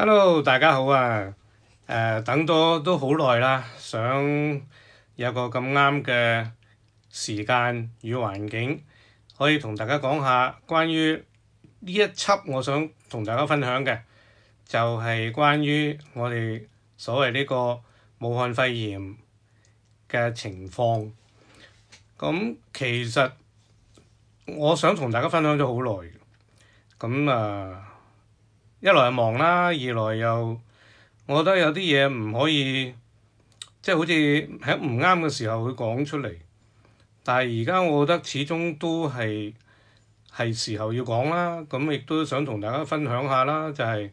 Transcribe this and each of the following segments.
Hello，大家好啊！誒，等咗都好耐啦，想有個咁啱嘅時間與環境，可以同大家講下關於呢一輯，我想同大家分享嘅，就係關於我哋所謂呢個武漢肺炎嘅情況。咁其實我想同大家分享咗好耐嘅，咁啊。一來忙啦，二來又我覺得有啲嘢唔可以，即係好似喺唔啱嘅時候會講出嚟。但係而家我覺得始終都係係時候要講啦。咁亦都想同大家分享下啦，就係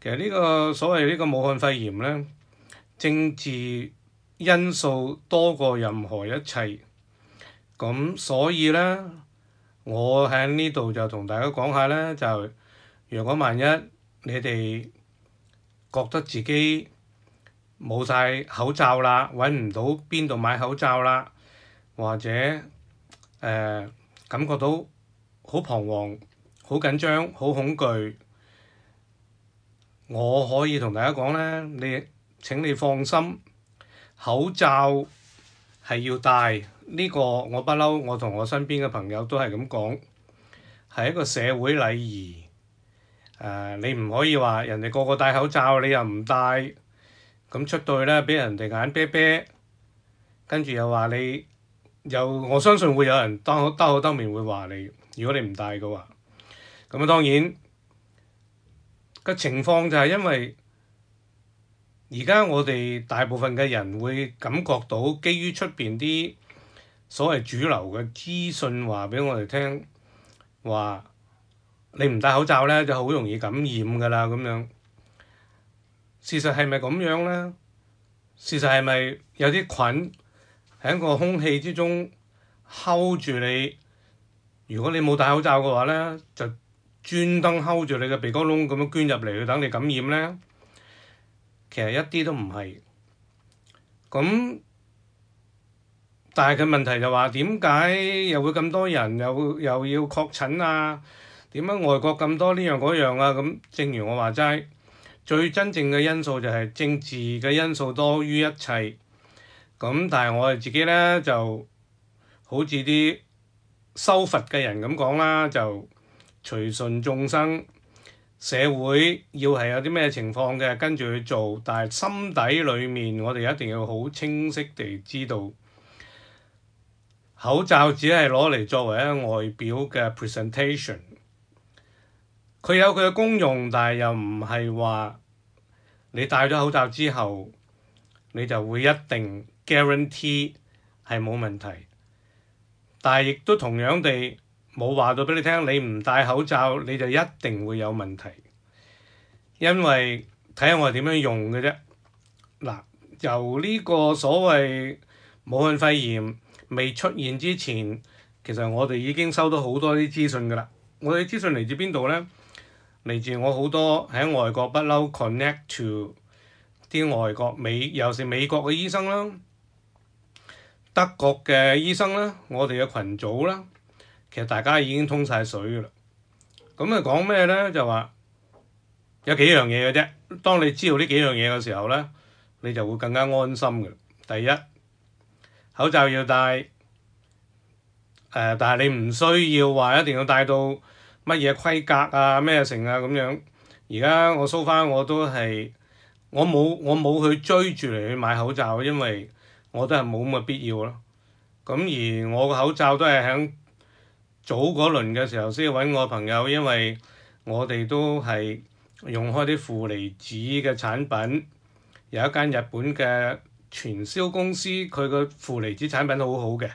其實呢個所謂呢個武漢肺炎咧，政治因素多過任何一切。咁所以咧，我喺呢度就同大家講下咧，就是。如果萬一你哋覺得自己冇晒口罩啦，揾唔到邊度買口罩啦，或者誒、呃、感覺到好彷徨、好緊張、好恐懼，我可以同大家講咧，你請你放心，口罩係要戴。呢、呢個我不嬲，我同我身邊嘅朋友都係咁講，係一個社會禮儀。誒，uh，你唔可以話人哋個個戴口罩，你又唔戴，咁出到去咧，俾人哋眼啤啤，跟住又話你，又我相信會有人兜口兜口兜面會話你，如果你唔戴嘅話，咁啊當然個情況就係因為而家我哋大部分嘅人會感覺到，基於出邊啲所謂主流嘅資訊話俾我哋聽，話，你唔戴口罩咧，就好容易感染㗎啦。咁樣事實係咪咁樣咧？事實係咪有啲菌喺個空氣之中睺住你？如果你冇戴口罩嘅話咧，就專登睺住你嘅鼻哥窿咁樣捐入嚟，等你感染咧。其實一啲都唔係咁。但係佢問題就話點解又會咁多人又又要確診啊？點解外國咁多呢樣嗰樣啊？咁正如我話齋，最真正嘅因素就係政治嘅因素多於一切。咁但係我哋自己咧，就好似啲修佛嘅人咁講啦，就隨順眾生，社會要係有啲咩情況嘅，跟住去做。但係心底裡面，我哋一定要好清晰地知道，口罩只係攞嚟作為一個外表嘅 presentation。佢有佢嘅功用，但係又唔係話你戴咗口罩之後，你就會一定 guarantee 係冇問題。但係亦都同樣地冇話到俾你聽，你唔戴口罩你就一定會有問題。因為睇下我係點樣用嘅啫。嗱，由呢個所謂武漢肺炎未出現之前，其實我哋已經收到好多啲資訊㗎啦。我哋資訊嚟自邊度呢？嚟自我好多喺外國不嬲 connect to 啲外國美，尤其是美國嘅醫生啦，德國嘅醫生啦，我哋嘅群組啦，其實大家已經通晒水噶啦。咁啊講咩咧？就話有幾樣嘢嘅啫。當你知道呢幾樣嘢嘅時候咧，你就會更加安心嘅。第一，口罩要戴，誒、呃，但係你唔需要話一定要戴到，乜嘢規格啊？咩成啊咁樣？而家我搜、so、翻我都係，我冇我冇去追住嚟去買口罩，因為我都係冇咁嘅必要咯。咁而我個口罩都係喺早嗰輪嘅時候先揾我朋友，因為我哋都係用開啲負離子嘅產品。有一間日本嘅傳銷公司，佢個負離子產品好好嘅。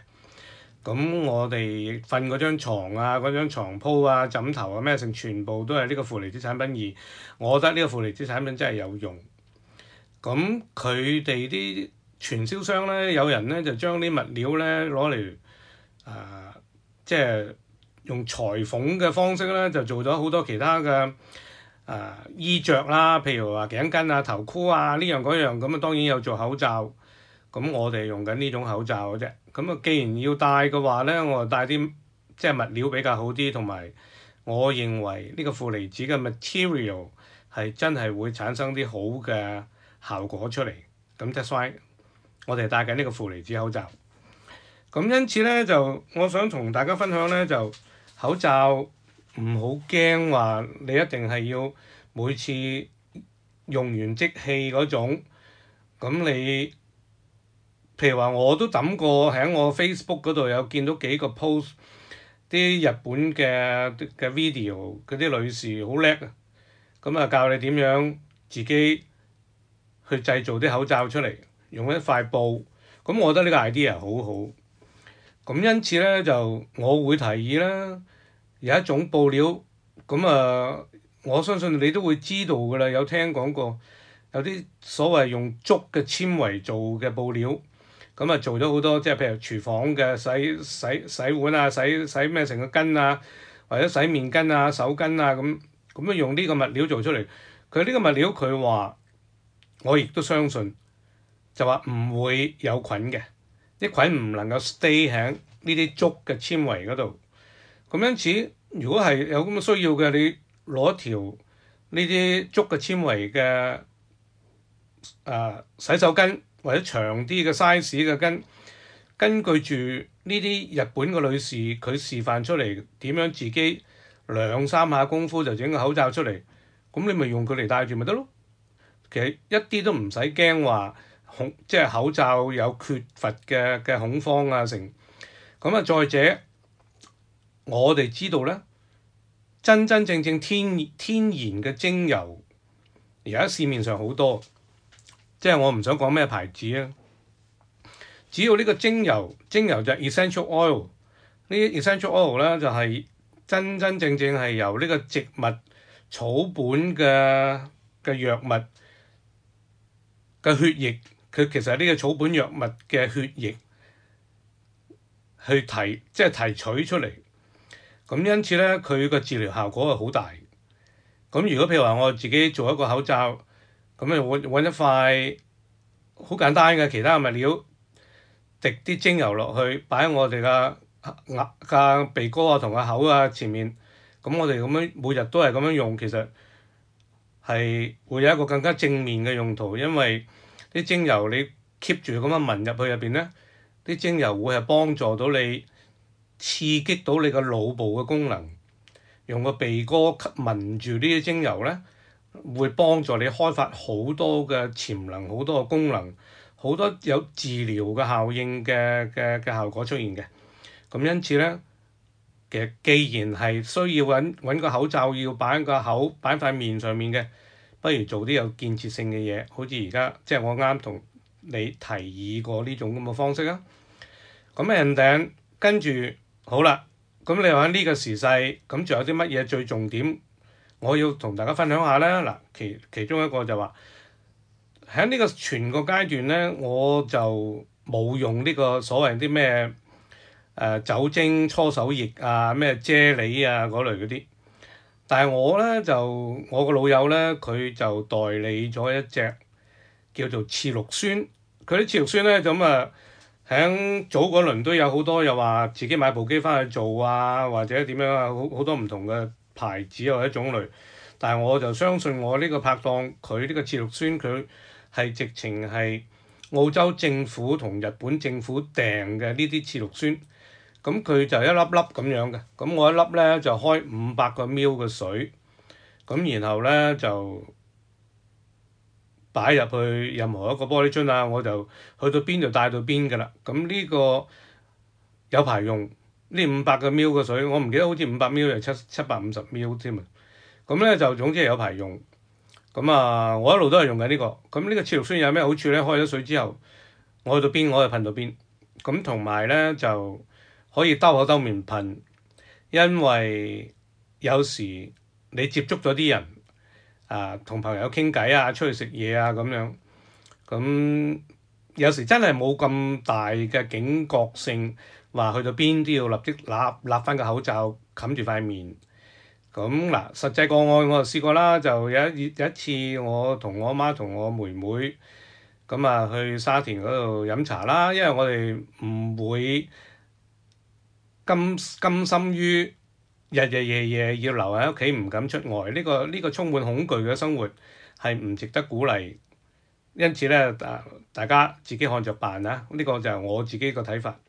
咁我哋瞓嗰張牀啊，嗰張牀鋪啊、枕頭啊咩，成全部都係呢個負離子產品。而我覺得呢個負離子產品真係有用。咁佢哋啲傳銷商咧，有人咧就將啲物料咧攞嚟，誒、呃，即係用裁縫嘅方式咧，就做咗好多其他嘅誒、呃、衣着啦，譬如話頸巾啊、頭箍啊呢樣嗰樣，咁啊當然有做口罩。咁我哋用緊呢種口罩嘅啫。咁啊，既然要戴嘅話咧，我啊戴啲即係物料比較好啲，同埋我認為呢個負離子嘅 material 係真係會產生啲好嘅效果出嚟。咁即 e 我哋戴緊呢個負離子口罩。咁因此咧，就我想同大家分享咧，就口罩唔好驚話你一定係要每次用完即氣嗰種咁你。譬如話，我都抌過喺我 Facebook 嗰度有見到幾個 post，啲日本嘅嘅 video，嗰啲女士好叻啊！咁、嗯、啊，教你點樣自己去製造啲口罩出嚟，用一塊布。咁、嗯、我覺得呢個 idea 好好。咁、嗯、因此咧，就我會提議啦，有一種布料，咁、嗯、啊、嗯，我相信你都會知道㗎啦。有聽講過，有啲所謂用竹嘅纖維做嘅布料。咁啊，做咗好多，即係譬如廚房嘅洗洗洗碗啊，洗洗咩成個巾啊，或者洗面巾啊、手巾啊咁，咁樣，樣用呢個物料做出嚟。佢呢個物料，佢話我亦都相信，就話唔會有菌嘅。啲菌唔能夠 stay 喺呢啲竹嘅纖維嗰度。咁因此，如果係有咁嘅需要嘅，你攞條呢啲竹嘅纖維嘅誒、啊、洗手巾。或者長啲嘅 size 嘅根，根據住呢啲日本嘅女士佢示範出嚟，點樣自己兩三下功夫就整個口罩出嚟，咁你咪用佢嚟戴住咪得咯？其實一啲都唔使驚話恐，即係口罩有缺乏嘅嘅恐慌啊成。咁啊，再者我哋知道咧，真真正正天然天然嘅精油而家市面上好多。即係我唔想講咩牌子啊，只要呢個精油，精油就係 essential oil，呢啲 essential oil 咧就係真真正正係由呢個植物草本嘅嘅藥物嘅血液，佢其實係呢個草本藥物嘅血液去提，即係提取出嚟。咁因此咧，佢個治療效果係好大。咁如果譬如話我自己做一個口罩。咁咧揾一塊好簡單嘅其他物料，滴啲精油落去，擺喺我哋嘅額嘅鼻哥啊同個口啊前面。咁我哋咁樣每日都係咁樣用，其實係會有一個更加正面嘅用途，因為啲精油你 keep 住咁樣聞入去入邊咧，啲精油會係幫助到你刺激到你嘅腦部嘅功能，用個鼻哥吸聞住呢啲精油咧。會幫助你開發好多嘅潛能，好多嘅功能，好多有治療嘅效應嘅嘅嘅效果出現嘅。咁因此咧，其實既然係需要揾揾個口罩，要擺個口擺塊面上面嘅，不如做啲有建設性嘅嘢，好似而家即係我啱同你提議過呢種咁嘅方式啊。咁 Andy 跟住好啦，咁你話呢個時勢，咁仲有啲乜嘢最重點？我要同大家分享下咧，嗱，其其中一個就話，喺呢個全個階段咧，我就冇用呢個所謂啲咩誒酒精搓手液啊、咩啫喱啊嗰類嗰啲。但係我咧就我個老友咧，佢就代理咗一隻叫做次氯酸。佢啲次氯酸咧咁啊，喺早嗰輪都有好多又話自己買部機翻去做啊，或者點樣啊，好好多唔同嘅。牌子又一種類，但係我就相信我呢個拍檔佢呢個次氯酸佢係直情係澳洲政府同日本政府訂嘅呢啲次氯酸，咁佢就一粒粒咁樣嘅，咁我一粒咧就開五百個 ml 嘅水，咁然後咧就擺入去任何一個玻璃樽啊，我就去到邊就帶到邊㗎啦。咁呢個有排用。呢五百個 ml 嘅水，我唔記得好似五百 ml 又七七百五十 ml 添啊！咁咧就總之係有排用。咁啊，我一路都係用緊呢個。咁呢個消毒樽有咩好處咧？開咗水之後，我去到邊我就噴到邊。咁同埋咧就可以兜口兜面噴，因為有時你接觸咗啲人，啊同朋友傾偈啊，出去食嘢啊咁樣。咁有時真係冇咁大嘅警覺性。話去到邊都要立即攬攬翻個口罩，冚住塊面。咁嗱，實際個案我就試過啦，就有一有一次，我同我媽同我妹妹咁啊去沙田嗰度飲茶啦。因為我哋唔會甘甘心於日日夜夜要留喺屋企，唔敢出外。呢個呢個充滿恐懼嘅生活係唔值得鼓勵。因此咧，大大家自己看着辦啊！呢個就係我自己個睇法。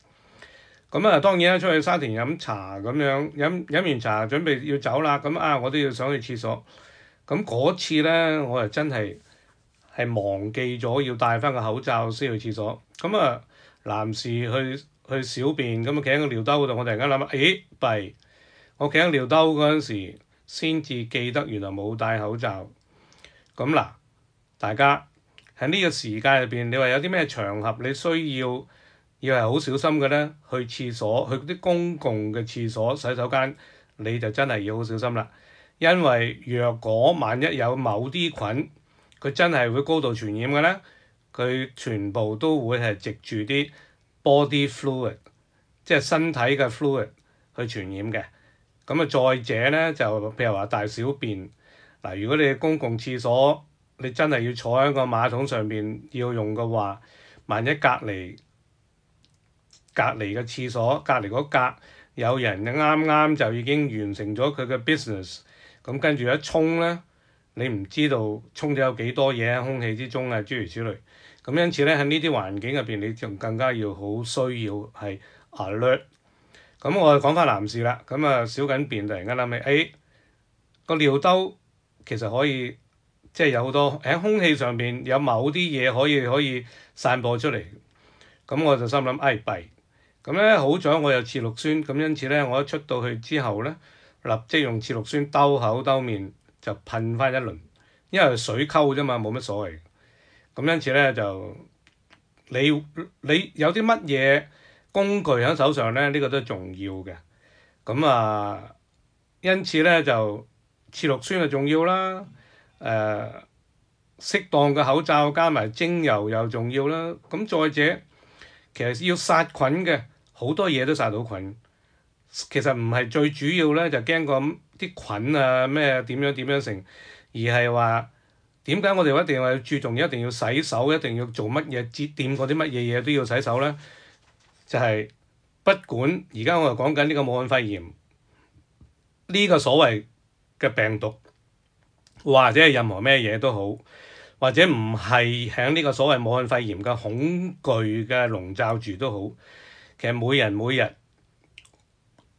咁啊，當然啦，出去沙田飲茶咁樣飲飲完茶，準備要走啦。咁啊，我都要上去廁所。咁、啊、嗰次咧，我係真係係忘記咗要戴翻個口罩先去廁所。咁啊，男士去去小便咁啊，企喺個尿兜嗰度，我突然間諗啊，咦、欸、弊！我企喺尿兜嗰陣時，先至記得原來冇戴口罩。咁、啊、嗱，大家喺呢個時間入邊，你話有啲咩場合你需要？要係好小心嘅咧，去廁所，去啲公共嘅廁所洗手間，你就真係要好小心啦。因為若果萬一有某啲菌，佢真係會高度傳染嘅咧，佢全部都會係藉住啲 body fluid，即係身體嘅 fluid 去傳染嘅。咁啊，再者咧就譬如話大小便嗱，如果你去公共廁所，你真係要坐喺個馬桶上邊要用嘅話，萬一隔離，隔離嘅廁所，隔籬嗰格有人啱啱就已經完成咗佢嘅 business，咁跟住一沖咧，你唔知道沖咗有幾多嘢喺空氣之中啊，諸如此類。咁因此咧喺呢啲環境入邊，你仲更加要好需要係 alert。咁、嗯、我講翻男士啦，咁、嗯、啊小緊便突然間諗起，誒、哎、個尿兜其實可以即係、就是、有好多喺空氣上邊有某啲嘢可以可以散播出嚟。咁、嗯、我就心諗，哎弊。咁咧好彩我有次氯酸，咁因此咧，我一出到去之後咧，立即用次氯酸兜口兜面就噴翻一輪，因為水溝啫嘛，冇乜所謂。咁因此咧就你你有啲乜嘢工具喺手上咧，呢個都係重要嘅。咁啊，因此咧就次氯酸就重要啦。誒、嗯呃，適當嘅口罩加埋精油又重要啦。咁再者，其實要殺菌嘅。好多嘢都殺到菌，其實唔係最主要咧，就驚個啲菌啊咩點樣點樣成，而係話點解我哋一定要注重，一定要洗手，一定要做乜嘢接掂過啲乜嘢嘢都要洗手咧？就係不管而家我哋講緊呢個武漢肺炎呢個所謂嘅病毒，或者係任何咩嘢都好，或者唔係響呢個所謂武漢肺炎嘅恐懼嘅籠罩住都好。其實每人每日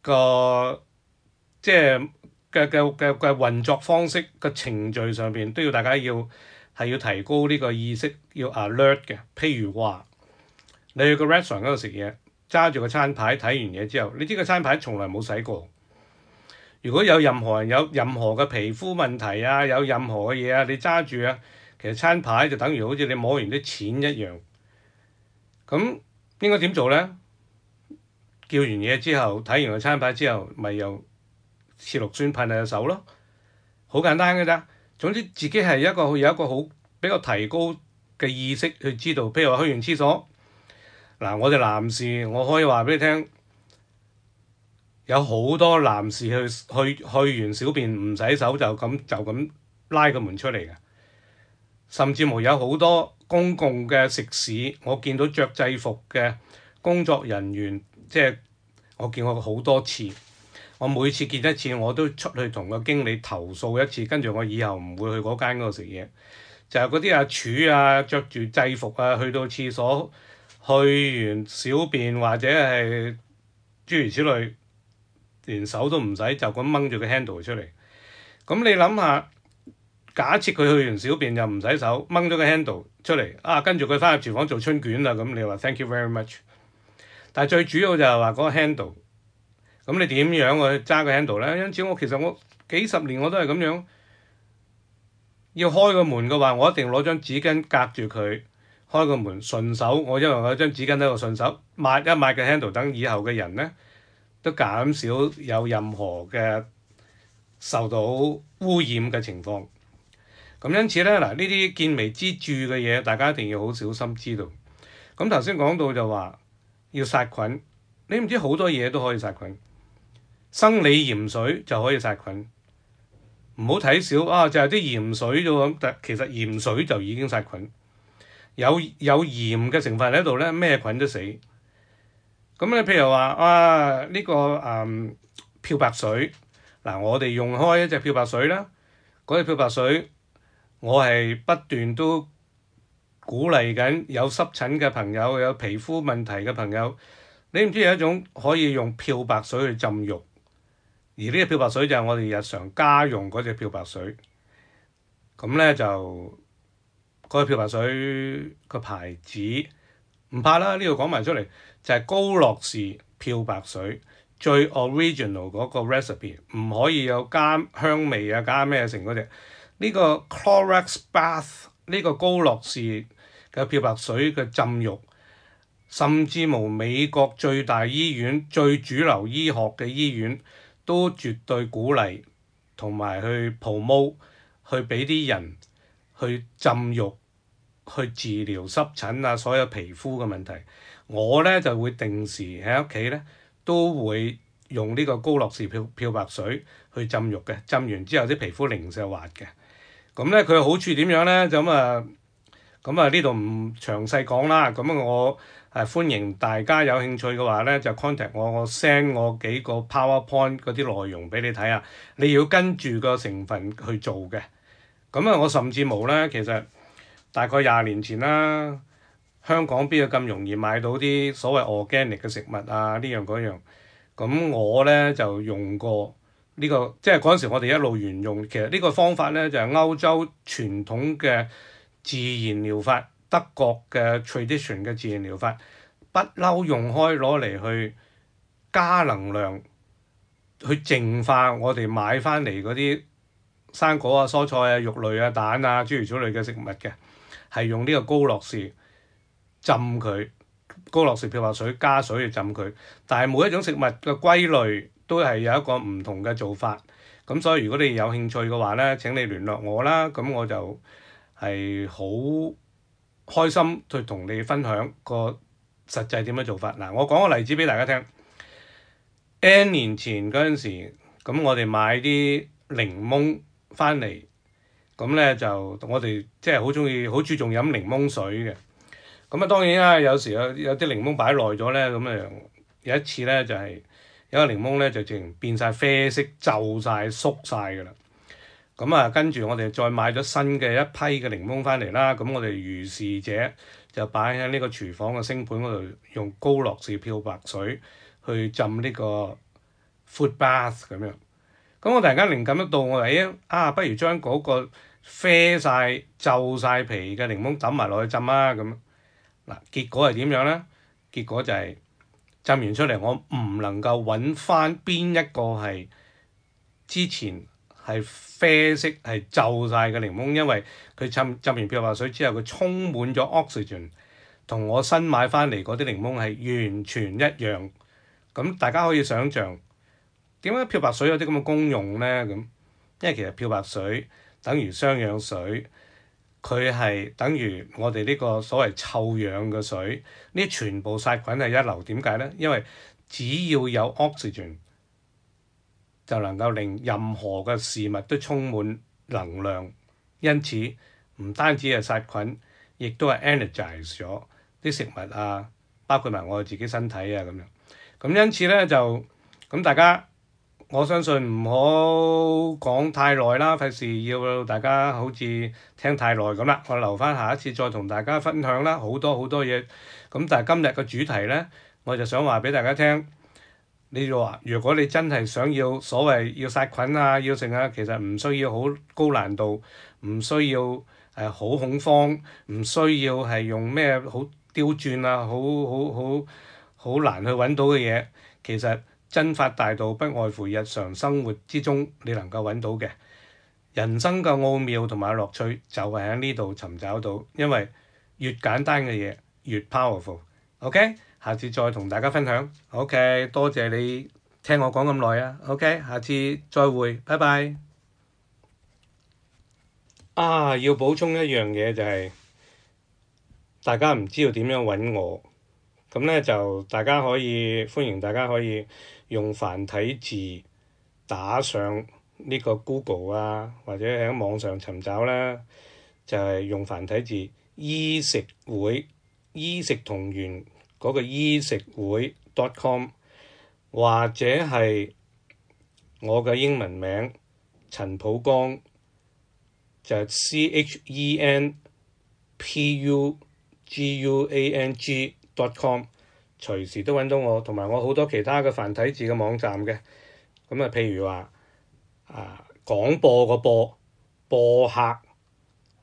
個即係嘅嘅嘅嘅運作方式、個程序上邊都要大家要係要提高呢個意識，要 alert 嘅。譬如話，你去個 restaurant 度食嘢，揸住個餐牌睇完嘢之後，你知個餐牌從來冇洗過。如果有任何人有任何嘅皮膚問題啊，有任何嘅嘢啊，你揸住啊，其實餐牌就等於好似你摸完啲錢一樣。咁應該點做咧？叫完嘢之後，睇完個餐牌之後，咪又切六酸噴下隻手咯，好簡單嘅咋，總之自己係一個有一個好比較提高嘅意識去知道，譬如話去完廁所，嗱，我哋男士我可以話俾你聽，有好多男士去去去完小便唔洗手就咁就咁拉個門出嚟嘅，甚至乎有好多公共嘅食肆，我見到着制服嘅。工作人員即係、就是、我見過好多次，我每次見一次我都出去同個經理投訴一次，跟住我以後唔會去嗰間度食嘢。就係嗰啲阿柱啊，着住、啊、制服啊，去到廁所去完小便或者係諸如此類，連手都唔使就咁掹住個 handle 出嚟。咁你諗下，假設佢去完小便又唔洗手，掹咗個 handle 出嚟啊，跟住佢翻入廚房做春卷啦。咁你話 thank you very much。但最主要就係話嗰個 handle，咁你點樣去揸個 handle 咧？因此我其實我幾十年我都係咁樣，要開個門嘅話，我一定攞張紙巾隔住佢開個門，順手我因為我張紙巾喺度，順手抹一抹個 handle，等以後嘅人咧都減少有任何嘅受到污染嘅情況。咁因此咧嗱，呢啲見微知著嘅嘢，大家一定要好小心知道。咁頭先講到就話。要殺菌，你唔知好多嘢都可以殺菌，生理鹽水就可以殺菌。唔好睇少啊，就係、是、啲鹽水啫喎，但其實鹽水就已經殺菌。有有鹽嘅成分喺度咧，咩菌都死。咁你譬如話啊，呢、這個誒、嗯、漂白水嗱、啊，我哋用開一隻漂白水啦，嗰隻漂白水，我係不斷都鼓勵緊有濕疹嘅朋友，有皮膚問題嘅朋友，你唔知有一種可以用漂白水去浸浴，而呢個漂白水就係我哋日常家用嗰隻漂白水。咁咧就、個漂白水個牌子唔怕啦，呢度講埋出嚟就係高樂士漂白水最 original 嗰個 recipe，唔可以有加香味啊，加咩成嗰隻。呢個 Clorox Bath 呢個高樂士。有漂白水嘅浸浴，甚至無美國最大醫院最主流醫學嘅醫院都絕對鼓勵同埋去 promote，去俾啲人去浸浴，去治療濕疹啊，所有皮膚嘅問題。我咧就會定時喺屋企咧都會用呢個高樂士漂漂白水去浸浴嘅，浸完之後啲皮膚零舍滑嘅。咁咧佢嘅好處點樣咧就咁啊？咁啊，呢度唔詳細講啦。咁我係、啊、歡迎大家有興趣嘅話呢就 contact 我，我 send 我幾個 PowerPoint 嗰啲內容俾你睇下，你要跟住個成分去做嘅。咁啊，我甚至冇呢，其實大概廿年前啦，香港邊有咁容易買到啲所謂 organic 嘅食物啊？呢樣嗰樣。咁我呢就用過呢、這個，即係嗰陣時我哋一路沿用。其實呢個方法呢，就係、是、歐洲傳統嘅。自然療法，德國嘅 tradition 嘅自然療法，不嬲用開攞嚟去加能量，去淨化我哋買翻嚟嗰啲生果啊、蔬菜啊、肉類啊、蛋啊、諸如此類嘅食物嘅，係用呢個高樂士浸佢，高樂士漂白水加水去浸佢。但係每一種食物嘅歸類都係有一個唔同嘅做法。咁所以如果你有興趣嘅話咧，請你聯絡我啦。咁我就。係好開心去同你分享個實際點樣做法。嗱，我講個例子俾大家聽。N 年前嗰陣時，咁我哋買啲檸檬翻嚟，咁咧就我哋即係好中意、好注重飲檸檬水嘅。咁啊，當然啦、啊，有時有有啲檸檬擺耐咗咧，咁啊，有一次咧就係、是、有個檸檬咧就直變晒啡色、皺晒、縮晒㗎啦。咁啊，跟住我哋再買咗新嘅一批嘅檸檬翻嚟啦。咁我哋如是者就擺喺呢個廚房嘅星盆嗰度，用高樂氏漂白水去浸呢個 food bath 咁樣。咁我突然間靈感得到，我哋、哎、啊，不如將嗰個啡晒、皺晒皮嘅檸檬揼埋落去浸啊！咁嗱，結果係點樣呢？結果就係、是、浸完出嚟，我唔能夠揾翻邊一個係之前。係啡色係皺晒嘅檸檬，因為佢浸浸完漂白水之後，佢充滿咗 oxygen，同我新買翻嚟嗰啲檸檬係完全一樣。咁大家可以想象點解漂白水有啲咁嘅功用呢？咁因為其實漂白水等於雙氧水，佢係等於我哋呢個所謂臭氧嘅水，呢全部殺菌係一流。點解呢？因為只要有 oxygen。就能夠令任何嘅事物都充滿能量，因此唔單止係殺菌，亦都係 energize 咗啲食物啊，包括埋我自己身體啊咁樣。咁因此咧就咁大家，我相信唔好講太耐啦，費事要大家好似聽太耐咁啦，我留翻下一次再同大家分享啦，好多好多嘢。咁但係今日個主題咧，我就想話俾大家聽。你就話，如果你真係想要所謂要殺菌啊，要剩啊，其實唔需要好高難度，唔需要誒好恐慌，唔需要係用咩好刁鑽啊，好好好好難去揾到嘅嘢。其實真法大道不外乎日常生活之中，你能夠揾到嘅人生嘅奧妙同埋樂趣就係喺呢度尋找到。因為越簡單嘅嘢越 powerful，OK？Okay? 下次再同大家分享。OK，多謝你聽我講咁耐啊。OK，下次再會，拜拜。啊，要補充一樣嘢就係、是、大家唔知道點樣揾我咁咧，就大家可以歡迎大家可以用繁體字打上呢個 Google 啊，或者喺網上尋找啦。就係、是、用繁體字醫食會，醫食同源。嗰個醫食會 .com，或者係我嘅英文名陳普光，就係、是、c h e n p u g u a n g .dot com，隨時都揾到我，同埋我好多其他嘅繁體字嘅網站嘅，咁啊，譬如話啊廣播個播播客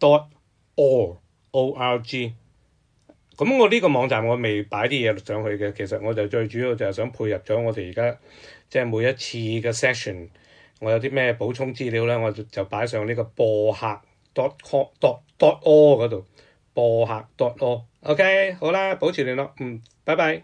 .dot o r g 咁我呢個網站我未擺啲嘢上去嘅，其實我就最主要就係想配合咗我哋而家即係每一次嘅 session，我有啲咩補充資料咧，我就就擺上呢個播客 .dot.com.dot.org d 嗰度，播客 .dot.org，OK，、okay? 好啦，保持聯絡，嗯，拜拜。